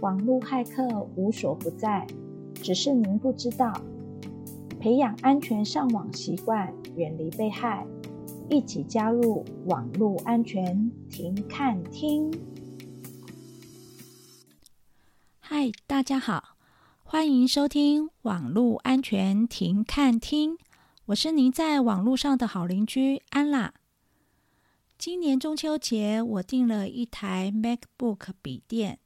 網絡駭客無所不在，只是您不知道。培養安全上網習慣，遠離被害，一起加入網絡安全停看聽。嗨，大家好，歡迎收聽網絡安全停看廳。我是您在網絡上的好鄰居安啦。今年中秋節，我訂了一台 MacBook 筆電。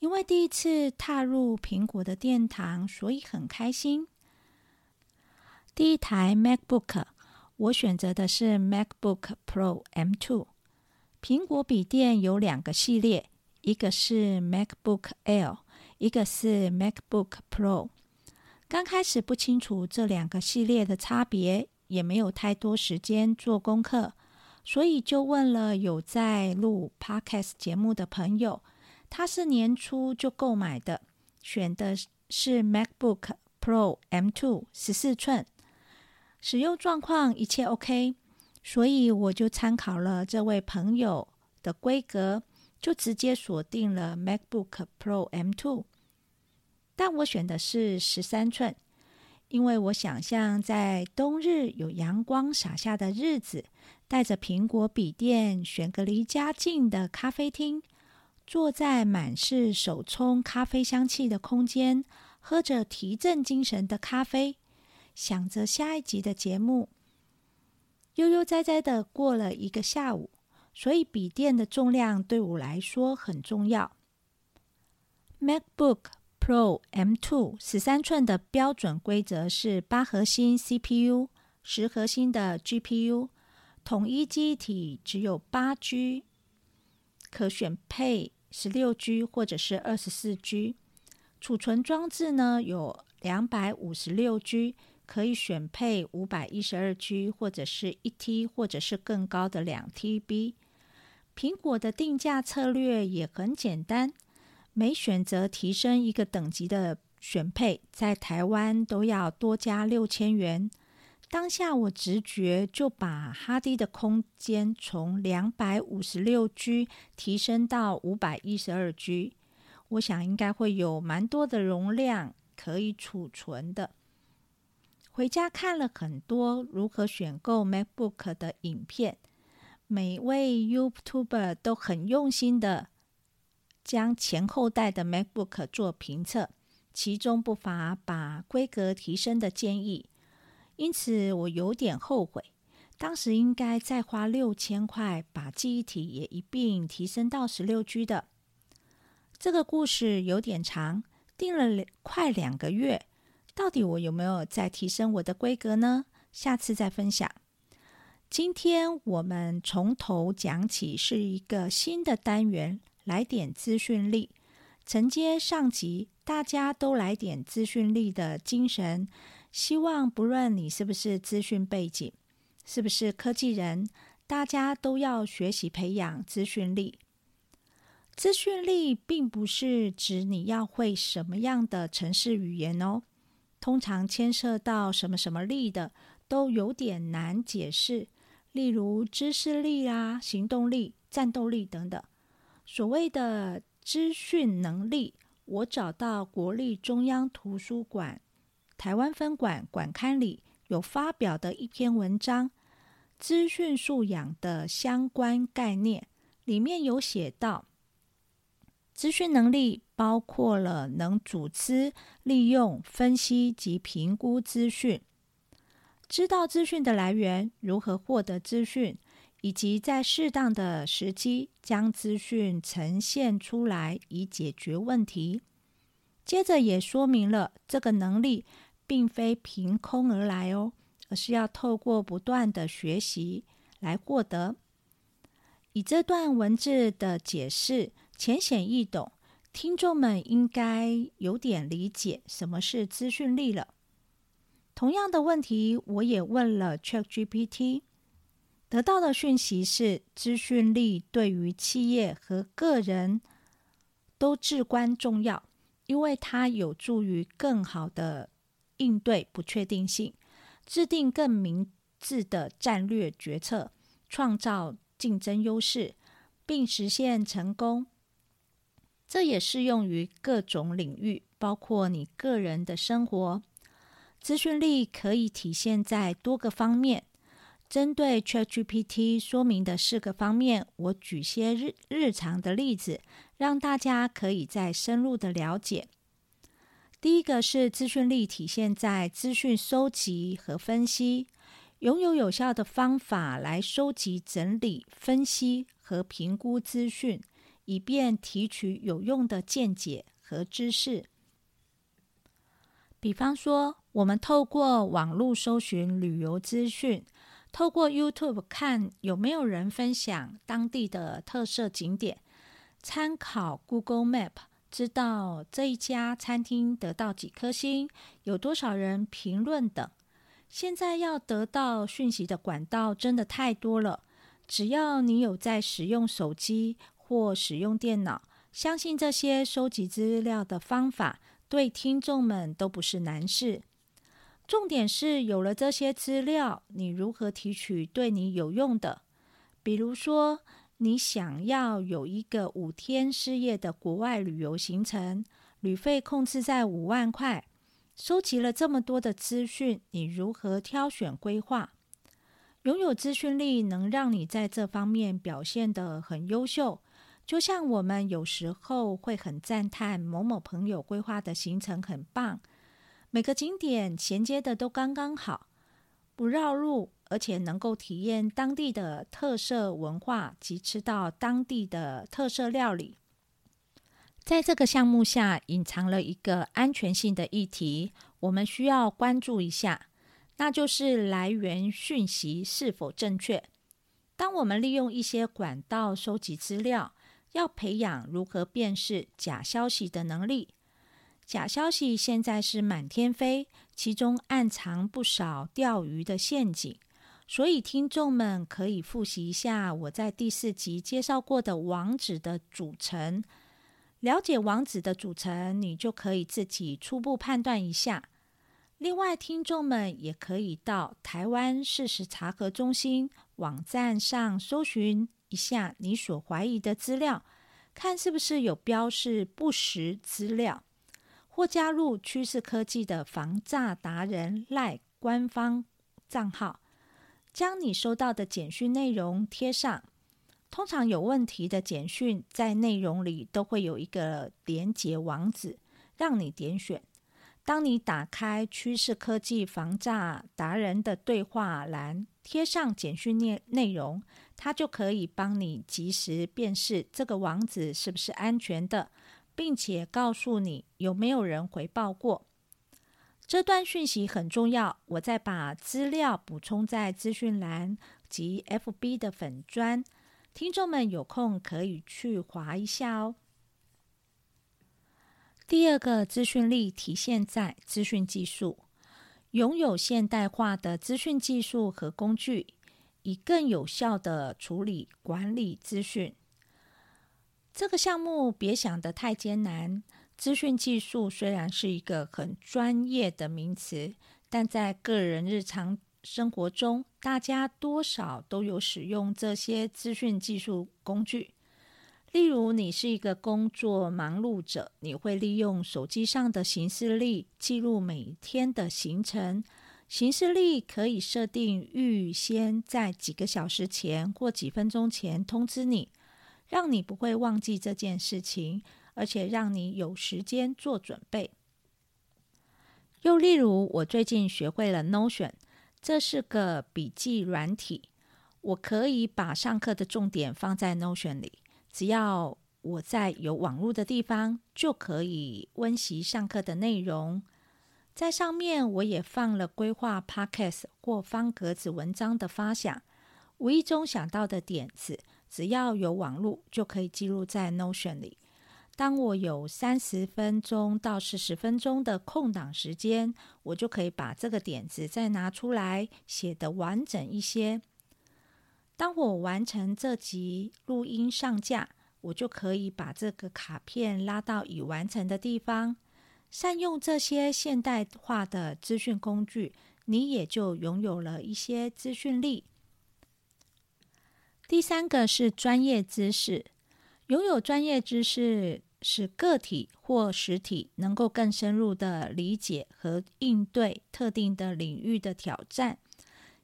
因為第一次踏入蘋果的殿堂，所以很開心。第一台 MacBook，我選擇的是 MacBook Pro M2。蘋果筆電有兩個系列，一個是 MacBook Air，一個是 MacBook Pro。剛開始不清楚這兩個系列的差別，也沒有太多時間做功課，所以就問了有在錄 Podcast 節目的朋友。他是年初就購買的，選的是 MacBook Pro M2 十四寸，使用狀況一切 OK，所以我就參考了這位朋友的規格，就直接鎖定了 MacBook Pro M2。但我選的是十三寸，因為我想象在冬日有陽光灑下的日子，帶着蘋果筆電，選個離家近的咖啡廳。坐在滿是手沖咖啡香氣的空間，喝着提振精神的咖啡，想着下一集的節目，悠悠哉哉的過了一個下午。所以筆電的重量對我來說很重要。MacBook Pro M2 十三寸的標準規則是八核心 CPU，十核心的 GPU，統一記憶體只有八 G，可選配。十六 G 或者是二十四 G。儲存裝置呢，有兩百五十六 G 可以選配五百一十二 G，或者是一 T，或者是更高的兩 TB。蘋果的定價策略也很簡單，每選擇提升一個等級的選配，在台灣都要多加六千元。當下我直覺就把 HD 的空間從 256G 提升到 512G，我想應該會有蠻多的容量可以儲存的。回家看了很多如何選購 MacBook 的影片，每位 YouTuber 都很用心的將前後代的 MacBook 做評測，其中不乏把規格提升的建議。因此，我有點後悔，當時應該再花六千塊把記憶體也一併提升到十六 G 的。這個故事有點長，訂了快兩個月，到底我有沒有再提升我的規格呢？下次再分享。今天我們從頭講起，是一個新的單元，來點資訊力，承接上集，大家都來點資訊力的精神。希望不論你是不是資訊背景，是不是科技人，大家都要學習培養資訊力。資訊力並不是指你要會什麼樣的程式語言哦。通常牽涉到什麼什麼力的，都有點難解釋。例如知識力啊、行動力、戰鬥力等等。所謂的資訊能力，我找到國立中央圖書館。台灣分館館刊裡有發表的一篇文章《資訊素養的相關概念》，裡面有寫到：資訊能力包括了能組織、利用、分析及評估資訊，知道資訊的來源、如何獲得資訊，以及在適當的時機將資訊呈現出來以解決問題。接着也說明了這個能力。並非憑空而來哦，而是要透過不斷的學習來獲得。以這段文字的解釋，淺顯易懂，聽眾們應該有點理解什麼是資訊力了。同樣的問題，我也問了 ChatGPT，得到的訊息是：資訊力對於企業和個人都至關重要，因為它有助於更好的。應對不確定性，制定更明智的戰略決策，創造競爭優勢，並實現成功。這也適用於各種領域，包括你個人的生活。資訊力可以體現在多個方面。針對 ChatGPT 說明的四個方面，我舉些日日常的例子，讓大家可以再深入的了解。第一個是資訊力，體現在資訊收集和分析，擁有有效的方法來收集、整理、分析和評估資訊，以便提取有用的見解和知識。比方說，我們透過網絡搜尋旅遊資訊，透過 YouTube 看有沒有人分享當地的特色景點，參考 Google Map。知道這一家餐廳得到幾顆星，有多少人評論等。現在要得到訊息的管道真的太多了，只要你有在使用手機或使用電腦，相信這些收集資料的方法對聽眾們都不是難事。重點是有了這些資料，你如何提取對你有用的？比如說。你想要有一個五天四夜的國外旅遊行程，旅費控制在五萬塊，收集了這麼多的資訊，你如何挑選規劃？擁有資訊力能讓你在這方面表現得很優秀。就像我們有時候會很讚嘆某某朋友規劃的行程很棒，每個景點銜接的都剛剛好，不繞路。而且能夠體驗當地的特色文化及吃到當地的特色料理。在這個項目下隱藏了一個安全性的議題，我們需要關注一下，那就是來源訊息是否正確。當我們利用一些管道收集資料，要培養如何辨識假消息的能力。假消息現在是滿天飛，其中暗藏不少釣魚的陷阱。所以，聽眾們可以複習一下我在第四集介紹過的網址的組成。了解網址的組成，你就可以自己初步判斷一下。另外，聽眾們也可以到台灣事實查核中心網站上搜尋一下你所懷疑的資料，看是不是有標示不實資料，或加入趨勢科技的防詐達人 LINE 官方賬號。將你收到的簡訊內容貼上，通常有問題的簡訊在內容裡都會有一個連結網址，讓你點選。當你打開趨勢科技防詐達人的對話欄，貼上簡訊內內容，它就可以幫你及時辨識這個網址是不是安全的，並且告訴你有沒有人回報過。這段訊息很重要，我再把資料補充在資訊欄及 FB 的粉專，聽眾們有空可以去滑一下哦。第二個資訊力體現在資訊技術，擁有現代化的資訊技術和工具，以更有效的處理管理資訊。這個項目別想得太艱難。資訊技術雖然是一個很專業的名詞，但在個人日常生活中，大家多少都有使用這些資訊技術工具。例如，你是一個工作忙碌者，你會利用手機上的行事曆記錄每天的行程。行事曆可以設定預先在幾個小時前或幾分鐘前通知你，讓你不會忘記這件事情。而且讓你有時間做準備。又例如，我最近學會了 Notion，這是個筆記軟體。我可以把上課的重點放在 Notion 裡，只要我在有網絡的地方，就可以溫習上課的內容。在上面，我也放了規劃 Podcast 或方格子文章的發想，無意中想到的點子，只要有網絡就可以記錄在 Notion 裡。當我有三十分鐘到四十分鐘的空檔時間，我就可以把這個點子再拿出來寫得完整一些。當我完成這集錄音上架，我就可以把這個卡片拉到已完成的地方。善用這些現代化的資訊工具，你也就擁有了一些資訊力。第三個是專業知識，擁有專業知識。使個體或實體能夠更深入的理解和應對特定的領域的挑戰。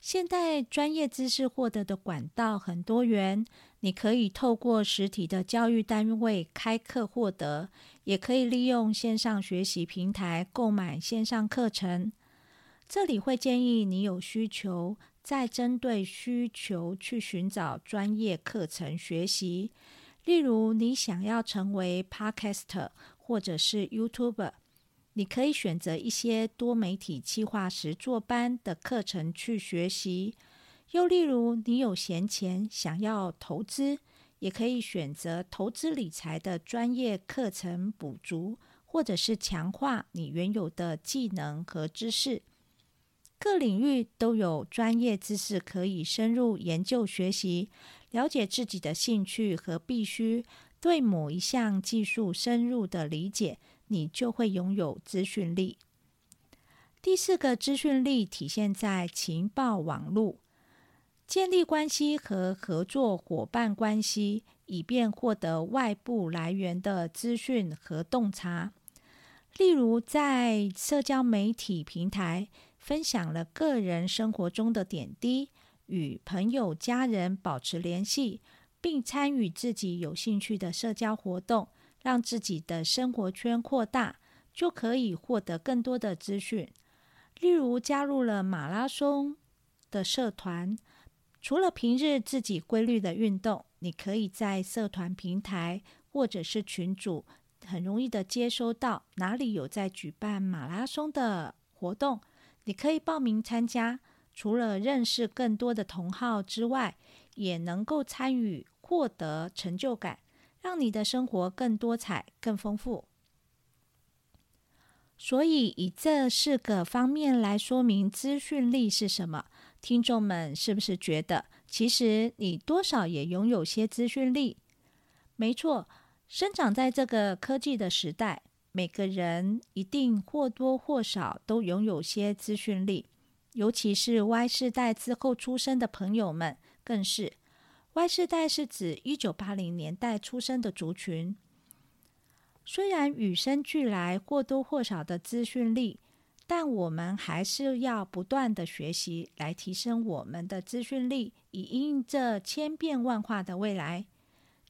現代專業知識獲得的管道很多元，你可以透過實體的教育單位開課獲得，也可以利用線上學習平台購買線上課程。這裡會建議你有需求，再針對需求去尋找專業課程學習。例如，你想要成為 Podcaster 或者是 YouTuber，你可以選擇一些多媒體企劃實作班的課程去學習。又例如，你有閒錢想要投資，也可以選擇投資理財的專業課程補足，或者是強化你原有的技能和知識。各領域都有專業知識可以深入研究學習。了解自己的興趣和必須對某一項技術深入的理解，你就會擁有資訊力。第四個資訊力體現在情報網絡，建立關係和合作夥伴關係，以便獲得外部來源的資訊和洞察。例如，在社交媒體平台分享了個人生活中的點滴。與朋友、家人保持聯繫，並參與自己有興趣的社交活動，讓自己的生活圈擴大，就可以獲得更多的資訊。例如，加入了馬拉松的社團，除了平日自己規律的運動，你可以在社團平台或者是群組，很容易的接收到哪裡有在舉辦馬拉松的活動，你可以報名參加。除了認識更多的同好之外，也能夠參與，獲得成就感，讓你的生活更多彩、更豐富。所以，以這四個方面來說明資訊力是什麼，聽眾們是不是覺得，其實你多少也擁有些資訊力？沒錯，生長在這個科技的時代，每個人一定或多或少都擁有些資訊力。尤其是 Y 世代之後出生的朋友們，更是 Y 世代是指一九八零年代出生的族群。雖然與生俱來或多或少的資訊力，但我們還是要不斷的學習來提升我們的資訊力，以因應這千變萬化的未來。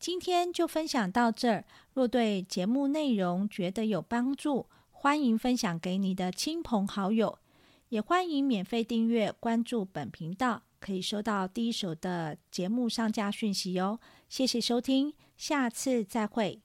今天就分享到這兒。若對節目內容覺得有幫助，歡迎分享給你的親朋好友。也歡迎免費訂閱關注本頻道，可以收到第一手的節目上架訊息喲、哦。謝謝收聽，下次再會。